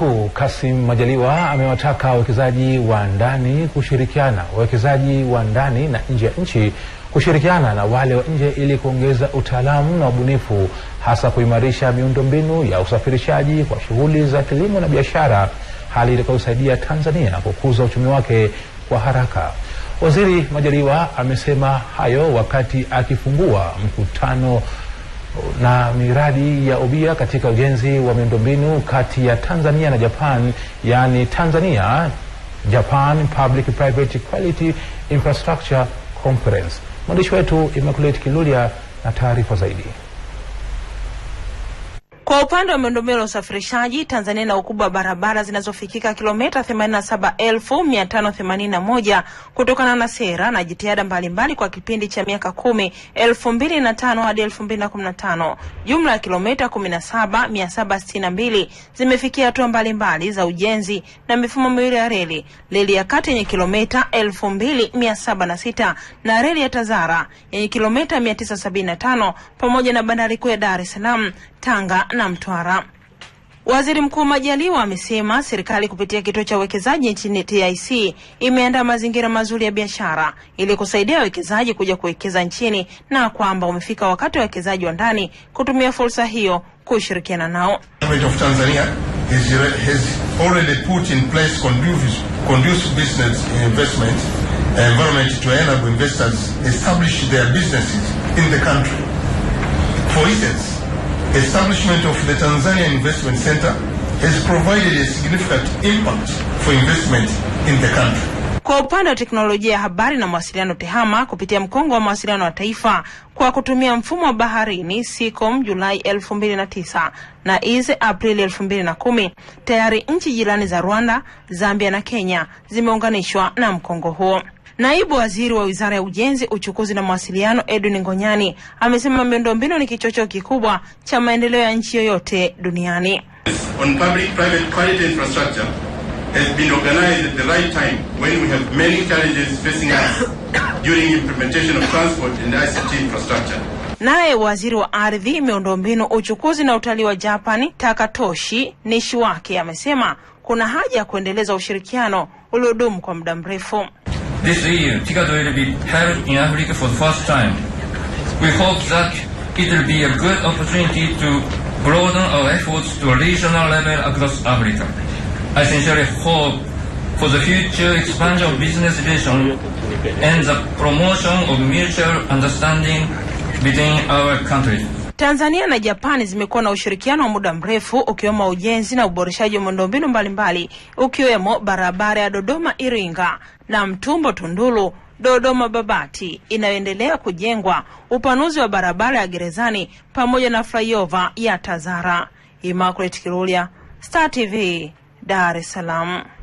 Mkuu Kassim Majaliwa amewataka wawekezaji wa ndani kushirikiana wawekezaji wa ndani na nje ya nchi kushirikiana na wale wa nje ili kuongeza utaalamu na ubunifu hasa kuimarisha miundombinu ya usafirishaji kwa shughuli za kilimo na biashara, hali itakayosaidia Tanzania kukuza uchumi wake kwa haraka. Waziri Majaliwa amesema hayo wakati akifungua mkutano na miradi ya ubia katika ujenzi wa miundombinu kati ya Tanzania na Japan, yani Tanzania Japan Public Private Quality Infrastructure Conference. Mwandishi wetu Immaculate Kilulia na taarifa zaidi. Kwa upande wa miundombinu ya usafirishaji, Tanzania ina ukubwa wa barabara zinazofikika kilomita 87,581 kutokana na sera na jitihada mbalimbali kwa kipindi cha miaka kumi 2005 hadi 2015. Jumla ya kilomita 17,762 zimefikia hatua mbalimbali za ujenzi na mifumo miwili ya reli, reli ya kati yenye kilomita 2,706 na reli ya TAZARA yenye kilomita 975 pamoja na bandari kuu ya Dar es Salaam, Tanga na na Mtwara. Waziri Mkuu Majaliwa amesema serikali kupitia kituo cha uwekezaji nchini TIC imeandaa mazingira mazuri ya biashara ili kusaidia wawekezaji kuja kuwekeza nchini na kwamba umefika wakati wa wawekezaji wa ndani kutumia fursa hiyo kushirikiana nao. Uh, For instance, establishment of the Tanzania Investment Center has provided a significant impact for investment in the country. Kwa upande wa teknolojia ya habari na mawasiliano TEHAMA kupitia mkongo wa mawasiliano wa taifa kwa kutumia mfumo wa baharini SEACOM Julai 2009 na ize Aprili 2010, tayari nchi jirani za Rwanda, Zambia na Kenya zimeunganishwa na mkongo huo. Naibu waziri wa wizara ya ujenzi, uchukuzi na mawasiliano Edwin Ngonyani amesema miundombinu ni kichocheo kikubwa cha maendeleo ya nchi yoyote duniani. On public private quality infrastructure has been organized at the right time when we have many challenges facing us during implementation of transport and ICT infrastructure. Naye waziri wa ardhi, miundombinu, uchukuzi na utalii wa Japani Takatoshi Nishiwake amesema kuna haja ya kuendeleza ushirikiano uliodumu kwa muda mrefu. This year, TIGAD will be held in Africa for the first time. We hope that it will be a good opportunity to broaden our efforts to a regional level across Africa. I sincerely hope for the future expansion of business relations and the promotion of mutual understanding between our countries. Tanzania na Japani zimekuwa na ushirikiano wa muda mrefu ukiwemo ujenzi na uboreshaji wa miundombinu mbalimbali ukiwemo barabara ya Dodoma Iringa na Mtumbo tundulu Dodoma Babati inayoendelea kujengwa, upanuzi wa barabara ya Gerezani pamoja na flyover ya Tazara. Immaculate Kirulia, Star TV, Dar es Salaam.